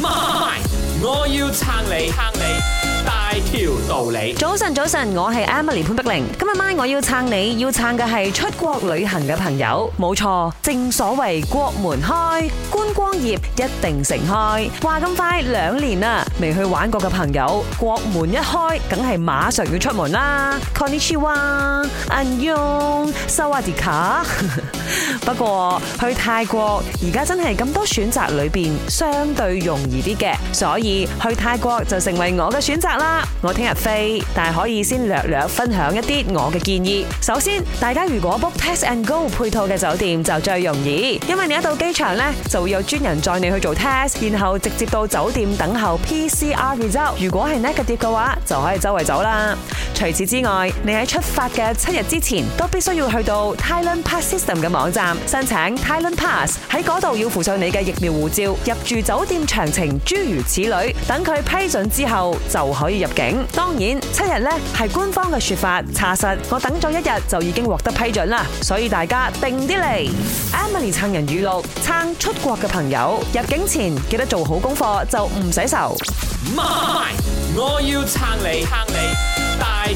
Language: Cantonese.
媽咪，我要撐你，撐你大條道理。早晨，早晨，我係 Emily 潘碧玲今天媽媽。今日媽咪我要撐你，要撐嘅係出國旅行嘅朋友。冇錯，正所謂國門開，觀光業一定盛開。話咁快兩年啦，未去玩過嘅朋友，國門一開，梗係馬上要出門啦。Konnichiwa，Annyeong，Sawadika。不過去泰國而家真係咁多選擇裏邊相對容易啲嘅，所以去泰國就成為我嘅選擇啦。我聽日飛，但係可以先略略分享一啲我嘅建議。首先，大家如果 book Test and Go 配套嘅酒店就最容易，因為你一到機場呢，就會有專人載你去做 test，然後直接到酒店等候 PCR result。如果係 negative 嘅話，就可以周圍走啦。除此之外，你喺出發嘅七日之前，都必須要去到 Thailand Pass System 嘅網站申請 Thailand Pass，喺嗰度要附上你嘅疫苗護照、入住酒店詳情諸如此類，等佢批准之後就可以入境。當然，七日呢係官方嘅說法，查實我等咗一日就已經獲得批准啦，所以大家定啲嚟。Emily 撐人語錄撐出國嘅朋友，入境前記得做好功課，就唔使愁。我要撐你，撐你。